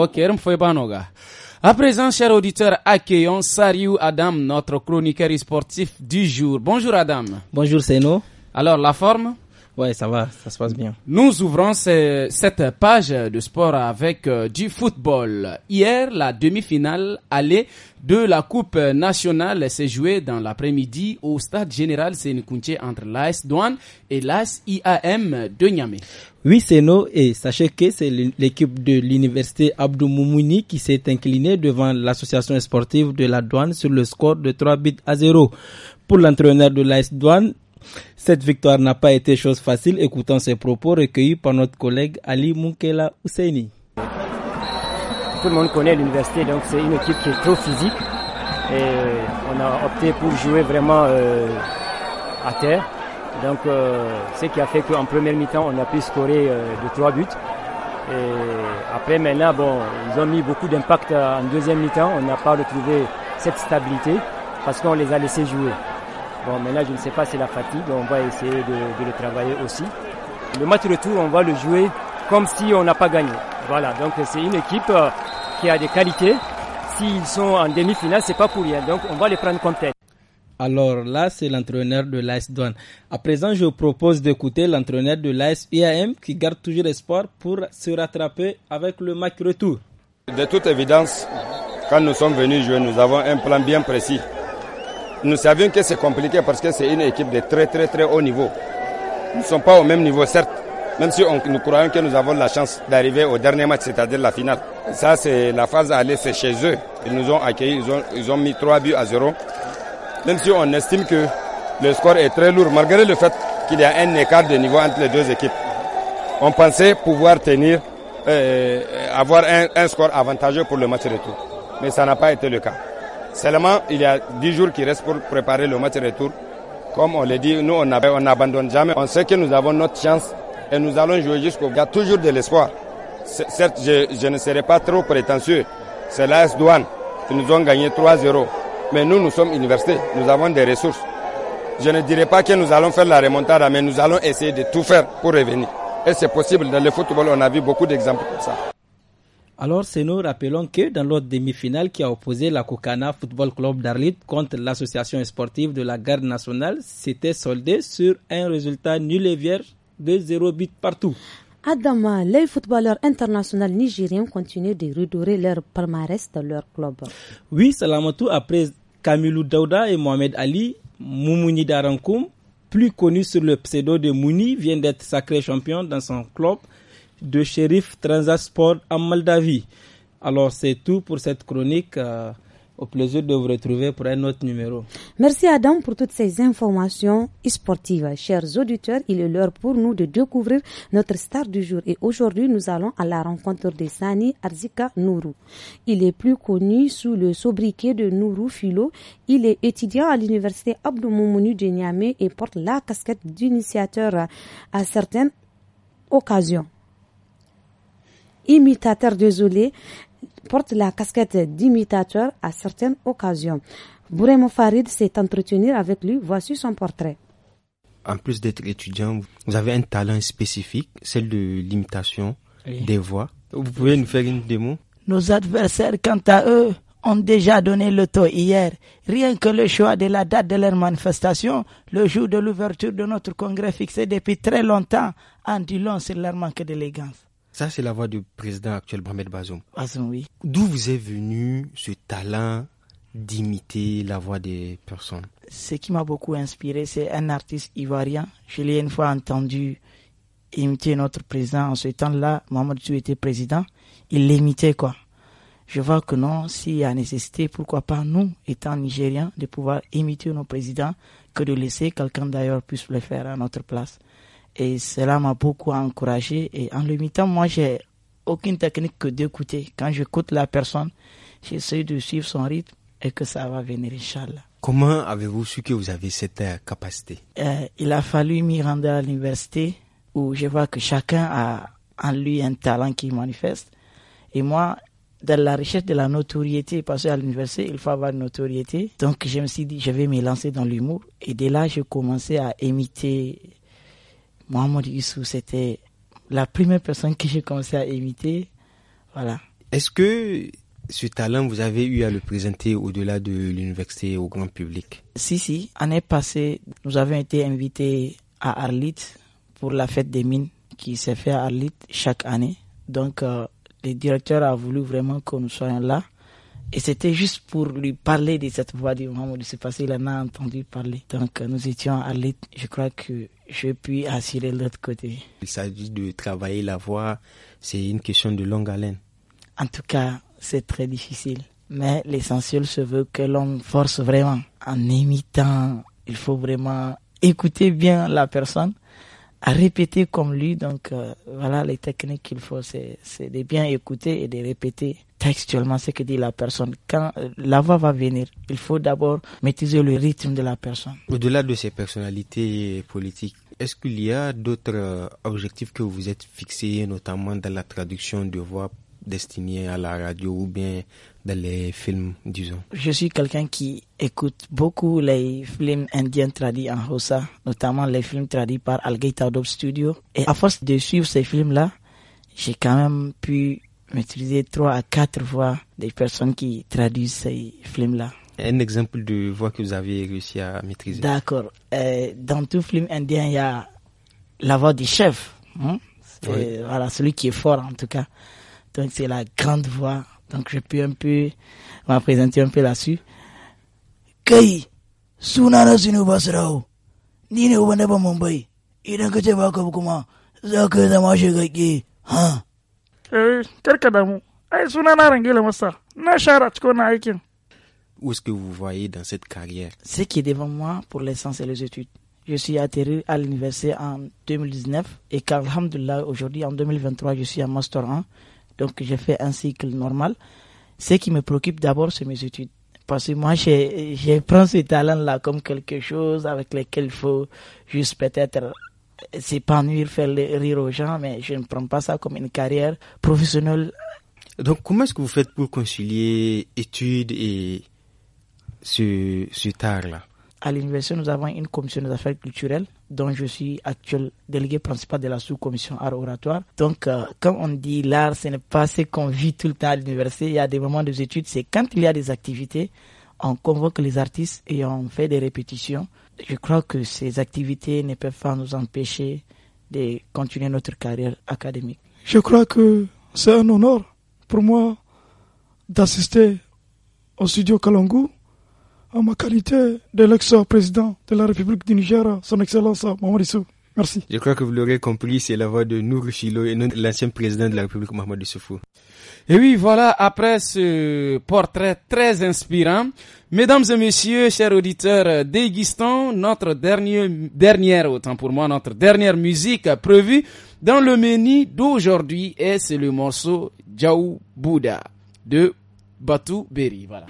ok irin foi banoga À présent, cher auditeur, accueillons Sariou Adam, notre chroniqueur sportif du jour. Bonjour Adam. Bonjour Seno. Alors, la forme Ouais, ça va, ça se passe bien. Nous ouvrons cette page de sport avec euh, du football. Hier, la demi-finale allée de la Coupe nationale s'est jouée dans l'après-midi au stade général Sénikounché entre l'AS Douane et l'AS IAM de Niamey. Oui, c'est nous et sachez que c'est l'équipe de l'université Abdou Moumouni qui s'est inclinée devant l'association sportive de la Douane sur le score de 3 buts à 0. Pour l'entraîneur de l'AS Douane, cette victoire n'a pas été chose facile, écoutant ces propos recueillis par notre collègue Ali Moukela Ousseini. Tout le monde connaît l'université, donc c'est une équipe qui est trop physique. Et on a opté pour jouer vraiment euh, à terre. Donc, euh, ce qui a fait qu'en première mi-temps, on a pu scorer euh, de trois buts. après, maintenant, ils ont mis beaucoup d'impact en deuxième mi-temps. On n'a pas retrouvé cette stabilité parce qu'on les a laissés jouer. Bon, maintenant, je ne sais pas, si c'est la fatigue. On va essayer de, le travailler aussi. Le match retour, on va le jouer comme si on n'a pas gagné. Voilà, donc c'est une équipe euh, qui a des qualités. S'ils sont en demi-finale, c'est pas pour rien. Donc, on va les prendre comme tête. Alors là, c'est l'entraîneur de l'AS Douane. À présent, je propose d'écouter l'entraîneur de l'AS IAM qui garde toujours espoir pour se rattraper avec le match retour. De toute évidence, quand nous sommes venus jouer, nous avons un plan bien précis. Nous savions que c'est compliqué parce que c'est une équipe de très très très haut niveau. Nous ne sommes pas au même niveau, certes, même si on, nous croyons que nous avons la chance d'arriver au dernier match, c'est-à-dire la finale. Ça, c'est la phase à aller, chez eux. Ils nous ont accueillis, ils ont, mis trois buts à zéro Même si on estime que le score est très lourd, malgré le fait qu'il y a un écart de niveau entre les deux équipes. On pensait pouvoir tenir, euh, avoir un, score avantageux pour le match retour. Mais ça n'a pas été le cas. Seulement, il y a dix jours qui restent pour préparer le match retour. Comme on l'a dit, nous, on n'abandonne jamais. On sait que nous avons notre chance et nous allons jouer jusqu'au a Toujours de l'espoir. Certes, je, ne serai pas trop prétentieux. C'est l'AS Douane qui nous ont gagné 3-0. Mais nous, nous sommes universités. Nous avons des ressources. Je ne dirais pas que nous allons faire la remontada, mais nous allons essayer de tout faire pour revenir. Et c'est possible. Dans le football, on a vu beaucoup d'exemples comme ça. Alors, c'est nous rappelons que dans l'autre demi-finale qui a opposé la Kokana Football Club d'Arlit contre l'association sportive de la garde nationale, c'était soldé sur un résultat nul et vierge de 0 but partout. Adama, les footballeurs internationaux nigériens continuent de redorer leur palmarès dans leur club. Oui, Salamatou, après Kamilou Dauda et Mohamed Ali, Moumouni Darankoum, plus connu sur le pseudo de Mouni, vient d'être sacré champion dans son club de shérif Transasport en Moldavie. Alors c'est tout pour cette chronique. Euh, au plaisir de vous retrouver pour un autre numéro. Merci Adam pour toutes ces informations sportives. Chers auditeurs, il est l'heure pour nous de découvrir notre star du jour et aujourd'hui nous allons à la rencontre de Sani Arzika Nourou. Il est plus connu sous le sobriquet de Nourou Philo. Il est étudiant à l'université Abdou Moumouni de Niamey et porte la casquette d'initiateur à certaines occasions imitateur, désolé, porte la casquette d'imitateur à certaines occasions. Bouremo Farid s'est entretenu avec lui. Voici son portrait. En plus d'être étudiant, vous avez un talent spécifique, celle de l'imitation des voix. Vous pouvez nous faire une démo Nos adversaires, quant à eux, ont déjà donné le taux hier. Rien que le choix de la date de leur manifestation, le jour de l'ouverture de notre congrès fixé depuis très longtemps, en dit long sur leur manque d'élégance. Ça, c'est la voix du président actuel Mohamed Bazoum. Bazoum, oui. D'où vous est venu ce talent d'imiter la voix des personnes Ce qui m'a beaucoup inspiré, c'est un artiste ivoirien. Je l'ai une fois entendu imiter notre président. En ce temps-là, Mohamed tu était président. Il l'imitait, quoi. Je vois que non, s'il y a nécessité, pourquoi pas nous, étant Nigériens, de pouvoir imiter nos présidents que de laisser quelqu'un d'ailleurs puisse le faire à notre place. Et cela m'a beaucoup encouragé. Et en le mettant moi, j'ai aucune technique que d'écouter. Quand j'écoute la personne, j'essaie de suivre son rythme et que ça va venir, Inch'Allah. Comment avez-vous su que vous avez cette euh, capacité euh, Il a fallu m'y rendre à l'université où je vois que chacun a en lui un talent qui manifeste. Et moi, dans la recherche de la notoriété, parce qu'à l'université, il faut avoir une notoriété. Donc, je me suis dit, je vais me lancer dans l'humour. Et dès là, j'ai commencé à imiter Mohamed Issou, c'était la première personne que j'ai commencé à imiter. Voilà. Est-ce que ce talent, vous avez eu à le présenter au-delà de l'université au grand public Si, si. Année passée, nous avons été invités à Arlit pour la fête des mines qui s'est fait à Arlit chaque année. Donc, euh, le directeur a voulu vraiment que nous soyons là et c'était juste pour lui parler de cette voix du Mohamed s'est passé, il en a entendu parler. Donc nous étions à Je crois que je puis assurer l'autre côté. Il s'agit de travailler la voix. C'est une question de longue haleine. En tout cas, c'est très difficile. Mais l'essentiel se veut que l'on force vraiment. En imitant, il faut vraiment écouter bien la personne à répéter comme lui. Donc euh, voilà les techniques qu'il faut, c'est de bien écouter et de répéter textuellement ce que dit la personne. Quand euh, la voix va venir, il faut d'abord maîtriser le rythme de la personne. Au-delà de ces personnalités politiques, est-ce qu'il y a d'autres euh, objectifs que vous êtes fixés, notamment dans la traduction de voix destinée à la radio ou bien les films, disons Je suis quelqu'un qui écoute beaucoup les films indiens traduits en rosa, notamment les films traduits par Algaita Dope Studio. Et à force de suivre ces films-là, j'ai quand même pu maîtriser trois à quatre voix des personnes qui traduisent ces films-là. Un exemple de voix que vous avez réussi à maîtriser. D'accord. Euh, dans tout film indien, il y a la voix du chef. Hein. Voilà, celui qui est fort en tout cas. Donc c'est la grande voix donc je peux un peu m'apprésenter un peu là-dessus. Kai, na sinu basrao, ni ne wanda ba Mumbai, idan ka ce ba ka kuma za ka zama shigagge, ha? Eh, karka damu, ai sunana Rangela Massa, na shara cikin na aikin. Où est-ce que vous voyez dans cette carrière Ce qui est devant moi, pour l'essence, et les études. Je suis atterri à l'université en 2019 et alhamdulillah, aujourd'hui en 2023, je suis en Master 1 donc, j'ai fais un cycle normal. Ce qui me préoccupe d'abord, c'est mes études. Parce que moi, je prends ce talent-là comme quelque chose avec lequel il faut juste peut-être s'épanouir, faire rire aux gens, mais je ne prends pas ça comme une carrière professionnelle. Donc, comment est-ce que vous faites pour concilier études et ce, ce là à l'université, nous avons une commission des affaires culturelles dont je suis actuel délégué principal de la sous-commission art oratoire. Donc, comme euh, on dit l'art, ce n'est pas ce qu'on vit tout le temps à l'université. Il y a des moments des études, c'est quand il y a des activités, on convoque les artistes et on fait des répétitions. Je crois que ces activités ne peuvent pas nous empêcher de continuer notre carrière académique. Je crois que c'est un honneur pour moi d'assister au studio Kalangu à ma qualité de l'ex-président de la République du Niger, son Excellence Mohamed Merci. Je crois que vous l'aurez compris, c'est la voix de Nour Chilo et non de l'ancien président de la République, Mohamed Issoufou. Et oui, voilà, après ce portrait très inspirant, mesdames et messieurs, chers auditeurs, déguistons notre dernier, dernière, autant pour moi, notre dernière musique prévue dans le menu d'aujourd'hui et c'est le morceau Jaou Bouddha de Batu Berry. Voilà.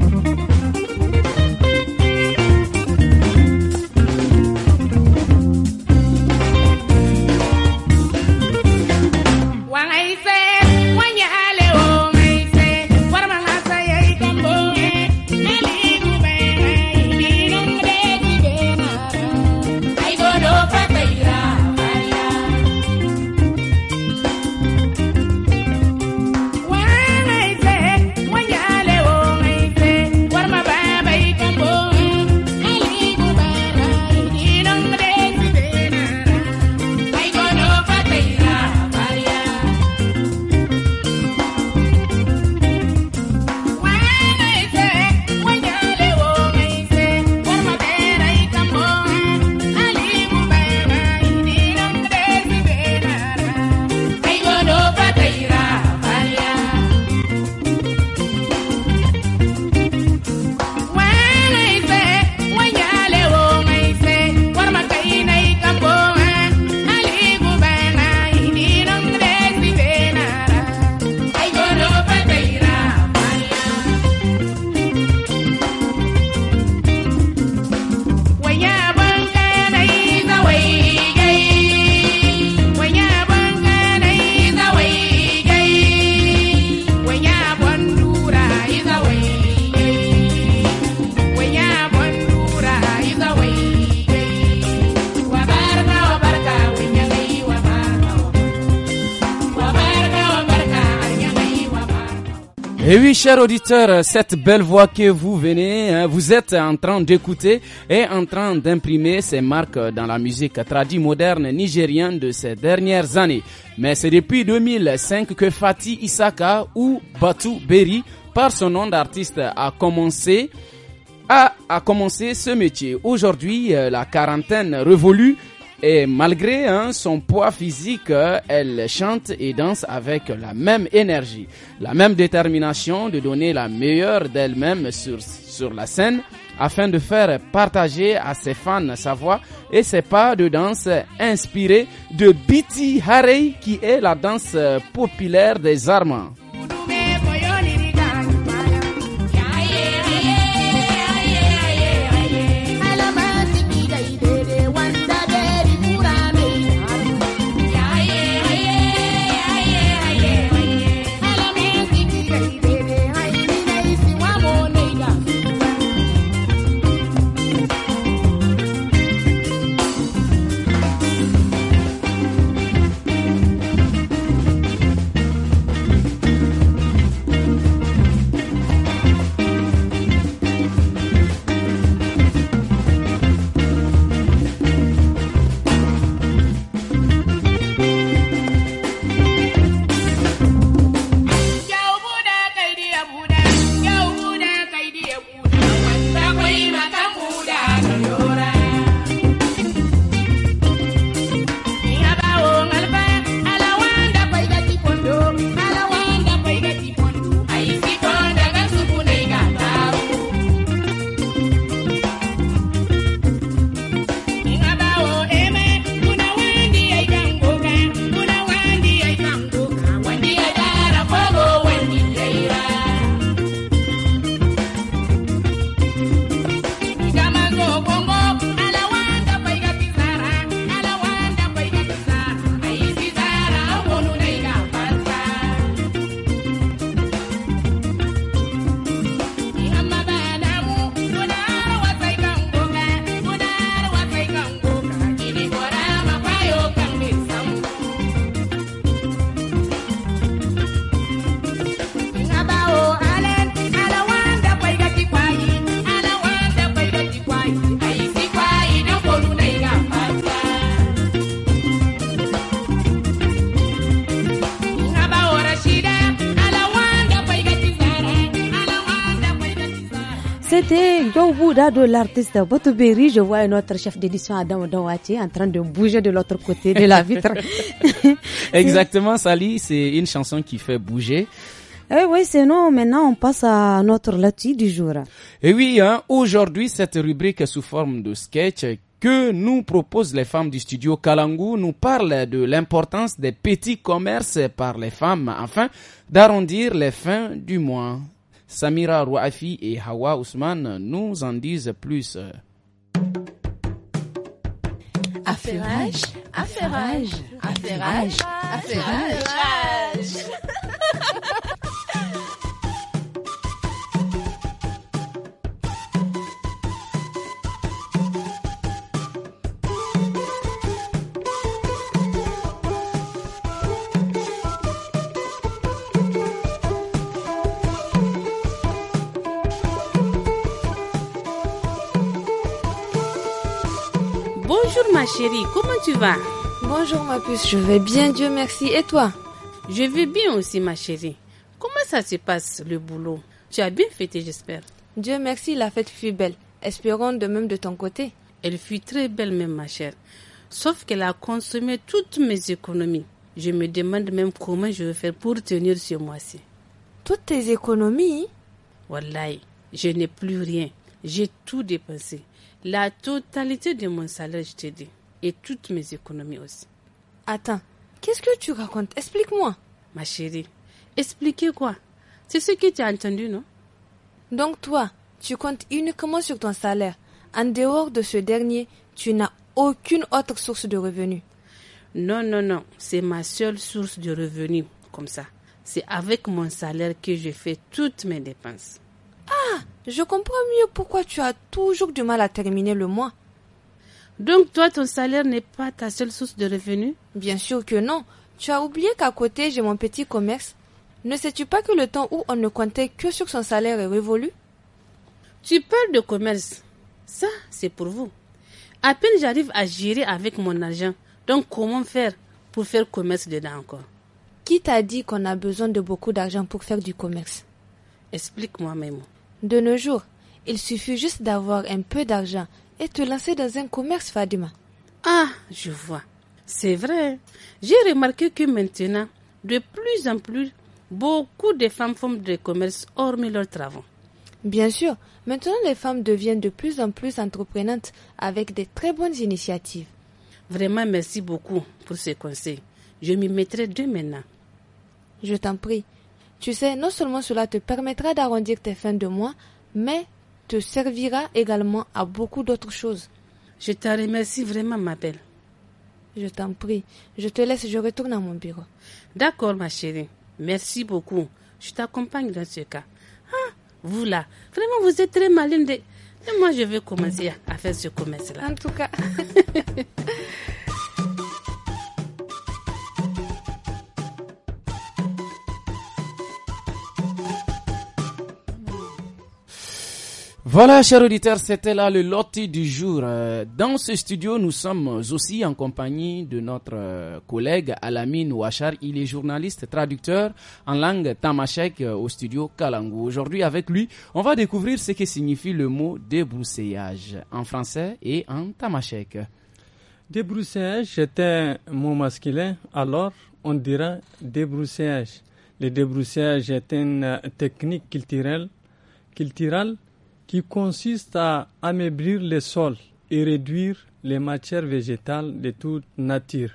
oui, cher auditeur, cette belle voix que vous venez, hein, vous êtes en train d'écouter et en train d'imprimer ses marques dans la musique tradie moderne nigérienne de ces dernières années. Mais c'est depuis 2005 que Fatih Isaka ou Batu Berry, par son nom d'artiste, a commencé à à ce métier. Aujourd'hui, euh, la quarantaine revolue. Et malgré hein, son poids physique, euh, elle chante et danse avec la même énergie, la même détermination de donner la meilleure d'elle-même sur, sur la scène afin de faire partager à ses fans sa voix et ses pas de danse inspirés de Biti Harey, qui est la danse populaire des Armands. Au bout de l'artiste Botoberi, je vois notre chef d'édition Adam Dawati en train de bouger de l'autre côté de la vitre. Exactement, Sally, c'est une chanson qui fait bouger. Eh oui, sinon, maintenant, on passe à notre lati du jour. Eh oui, hein, aujourd'hui, cette rubrique sous forme de sketch que nous proposent les femmes du studio Kalangu nous parle de l'importance des petits commerces par les femmes afin d'arrondir les fins du mois. Samira Rouafi et Hawa Ousmane nous en disent plus. Affairage, affairage, affairage, affairage. Bonjour ma chérie, comment tu vas Bonjour ma puce, je vais bien, Dieu merci. Et toi Je vais bien aussi ma chérie. Comment ça se passe le boulot Tu as bien fêté, j'espère. Dieu merci, la fête fut belle. Espérons de même de ton côté. Elle fut très belle même ma chère. Sauf qu'elle a consommé toutes mes économies. Je me demande même comment je vais faire pour tenir ce mois-ci. Toutes tes économies Wallahi, je n'ai plus rien. J'ai tout dépensé la totalité de mon salaire, je te dis, et toutes mes économies aussi. Attends, qu'est-ce que tu racontes Explique-moi. Ma chérie, expliquer quoi C'est ce que tu as entendu, non Donc toi, tu comptes uniquement sur ton salaire. En dehors de ce dernier, tu n'as aucune autre source de revenus. Non, non, non, c'est ma seule source de revenus, comme ça. C'est avec mon salaire que je fais toutes mes dépenses. Ah, je comprends mieux pourquoi tu as toujours du mal à terminer le mois. Donc toi, ton salaire n'est pas ta seule source de revenus Bien sûr que non. Tu as oublié qu'à côté, j'ai mon petit commerce. Ne sais-tu pas que le temps où on ne comptait que sur son salaire est révolu Tu parles de commerce. Ça, c'est pour vous. À peine j'arrive à gérer avec mon argent. Donc comment faire pour faire commerce dedans encore Qui t'a dit qu'on a besoin de beaucoup d'argent pour faire du commerce Explique-moi, même de nos jours, il suffit juste d'avoir un peu d'argent et te lancer dans un commerce, Fadima. Ah, je vois. C'est vrai. J'ai remarqué que maintenant, de plus en plus, beaucoup de femmes font des commerces hormis leurs travaux. Bien sûr, maintenant les femmes deviennent de plus en plus entreprenantes avec de très bonnes initiatives. Vraiment, merci beaucoup pour ces conseils. Je m'y mettrai demain. maintenant. Je t'en prie. Tu sais, non seulement cela te permettra d'arrondir tes fins de mois, mais te servira également à beaucoup d'autres choses. Je te remercie vraiment, ma belle. Je t'en prie. Je te laisse, je retourne à mon bureau. D'accord, ma chérie. Merci beaucoup. Je t'accompagne dans ce cas. Ah, vous là, vraiment, vous êtes très malin. De... moi, je vais commencer à faire ce commerce-là. En tout cas. Voilà, chers auditeurs, c'était là le loti du jour. Euh, dans ce studio, nous sommes aussi en compagnie de notre euh, collègue Alamine Ouachar. Il est journaliste, traducteur en langue tamashek euh, au studio Kalangu. Aujourd'hui, avec lui, on va découvrir ce que signifie le mot débroussaillage en français et en tamashek. Débroussaillage, c'est un mot masculin, alors on dira débroussaillage. Le débroussaillage est une technique culturelle, culturelle qui consiste à ameublir le sol et réduire les matières végétales de toute nature,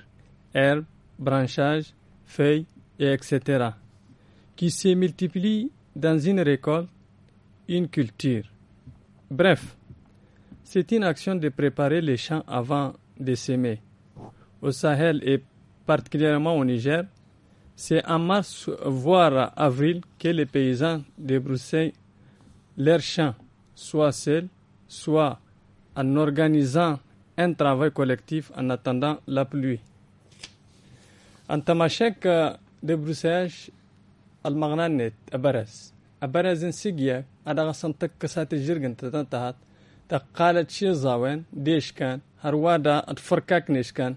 herbes, branchages, feuilles, etc., qui se multiplient dans une récolte, une culture. Bref, c'est une action de préparer les champs avant de semer. Au Sahel et particulièrement au Niger, c'est en mars voire avril que les paysans débroussaillent leurs champs soit seul, soit en organisant un travail collectif en attendant la pluie. En Tamashek débroussaillage, المغنانيت أبرز أبرز نسيجيا أدا غصن تكسات الجرجن تتنتهت تقالت شي زاوين ديش كان هروادا أتفركاك نيش كان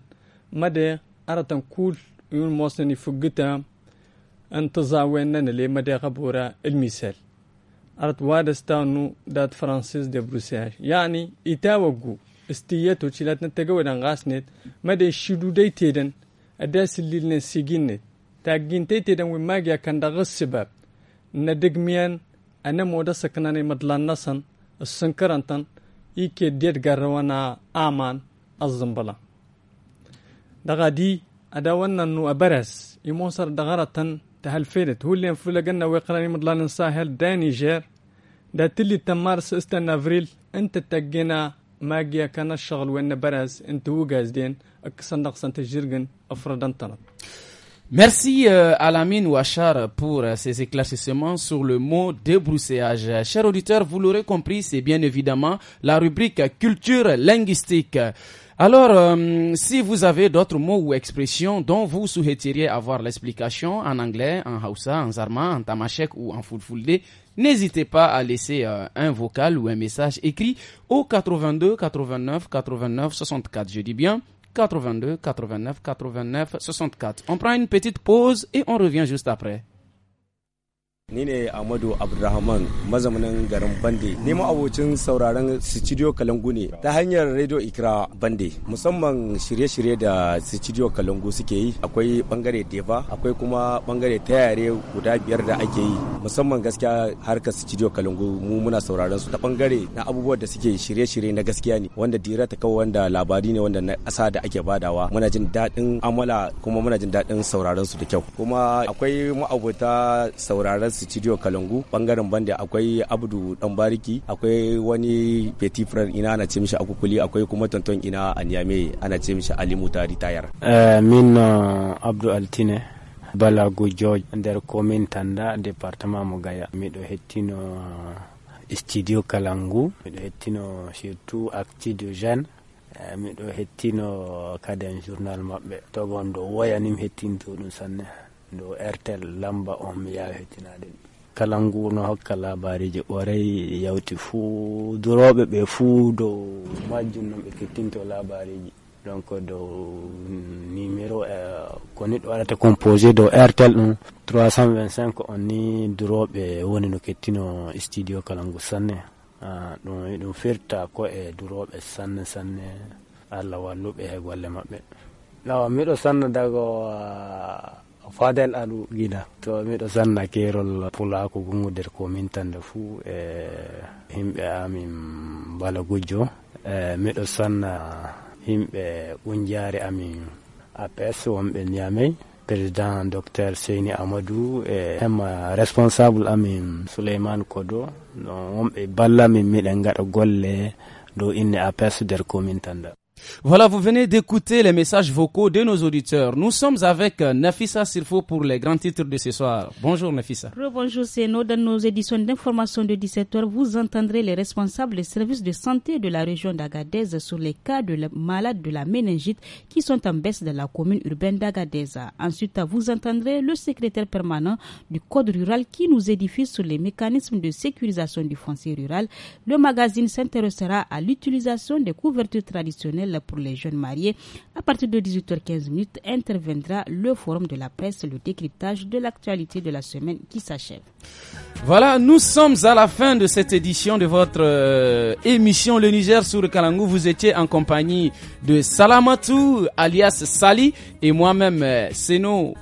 مدي أرتن كول يون موصني فقتا أنت زاوين ننلي مدي غبورة المثال أرت وادستانو دات فرانسيس دي بروسياج يعني إتاوغو استياتو تشيلات نتاقوي دان غاسنت مدى شدو دي تيدن أداس اللي لنسيجينت تاقين تي تيدن وماجيا كان دا غصباب ندقميان أنا مودا سكناني مدلان نسن السنكرانتن إيكي ديت غروانا آمان الزنبلا دغا دي أدا وننو أبرس إموصر دغرتن تهلفيدت هو اللي انفولا قلنا ويقراني مضلان نساهل دا نيجير دا تلي تمارس استنى افريل انت تقينا ماجيا كان الشغل وين براز انت وقاز دين اكسن نقصن تجرقن افرد انطلب Merci euh, Alamine Ouachar pour euh, ces éclaircissements sur le mot débroussaillage. Chers auditeurs, vous l'aurez compris, c'est bien évidemment la rubrique culture linguistique. Alors, euh, si vous avez d'autres mots ou expressions dont vous souhaiteriez avoir l'explication en anglais, en Hausa, en Zarma, en Tamashek ou en Fulfulde, n'hésitez pas à laisser euh, un vocal ou un message écrit au 82 89 89 64. Je dis bien 82 89 89 64. On prend une petite pause et on revient juste après. Ni ne Amadu Abdulrahman mazaunin garin Bande. Ni abocin sauraron Studio Kalangu ne ta hanyar Radio Ikra Bande. Musamman shirye-shirye da Studio Kalangu suke yi akwai bangare Deva akwai kuma bangare ta yare guda biyar da ake yi. Musamman gaskiya harkar Studio Kalangu mu muna sauraron su ta bangare na abubuwan da suke shirye-shirye na gaskiya ne wanda dira ta kawo wanda labari ne wanda na ƙasa da ake badawa. Muna jin daɗin amala kuma muna jin daɗin sauraron su da kyau. Kuma akwai ma'abota sauraron studio kalangu bangaren banda akwai abdu dan bariki akwai wani petit frère ina ana ce mishi akukuli akwai kuma tonton ina a niamey ana ce mishi ali mutari tayar eh, min eh, abdu altine balagu george nder commune tanda département mogaya miɗo hettino eh, studio kalangu miɗo hettino surtout acti du jeune miɗo hettino kadi en journal maɓɓe togon ɗo woyanim hettintoɗum sanne do rtel lamba on mi yawi hettinade ɗum kala nguno hokka labariji ɓorey yawti fuu duroɓe ɓe fuu dow majjum noon ɓe kettinto labariji donc dow numéro e koni ɗo waɗata composé dow rtel ɗum 325 on ni duroɓe woni no kettino studio kalangu sanne ɗum uh, ɗum firta ko e duroɓe sanne sanne allah walluɓe e golle maɓɓe awa miɗo sanna dago uh, faden alu gida to miɗo sanna kerol pulako gumuder komin tande fuu e himɓe amin bala gujjo e miɗo sanna himɓe ɓunjaare amin aps wonɓe niyamey président docteur seyni amadou e hemma responsable amin souleymane kodo no wonɓe ballamin miɗen gaɗa golle dow inne aps nder komin tanda Voilà, vous venez d'écouter les messages vocaux de nos auditeurs. Nous sommes avec euh, Nafissa Sirfo pour les grands titres de ce soir. Bonjour Nafissa. Bonjour Dans nos éditions d'information de 17h, vous entendrez les responsables des services de santé de la région d'Agadez sur les cas de malades de la méningite qui sont en baisse dans la commune urbaine d'Agadez. Ensuite, vous entendrez le secrétaire permanent du Code rural qui nous édifie sur les mécanismes de sécurisation du foncier rural. Le magazine s'intéressera à l'utilisation des couvertures traditionnelles pour les jeunes mariés. À partir de 18h15 interviendra le forum de la presse, le décryptage de l'actualité de la semaine qui s'achève. Voilà, nous sommes à la fin de cette édition de votre euh, émission Le Niger sur le Kalangou. Vous étiez en compagnie de Salamatou alias Sali et moi-même euh, Seno.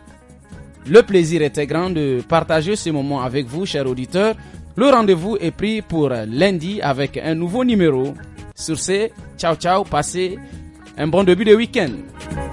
Le plaisir était grand de partager ce moment avec vous, chers auditeurs. Le rendez-vous est pris pour lundi avec un nouveau numéro. Sur ce, ciao ciao, passez un bon début de week-end.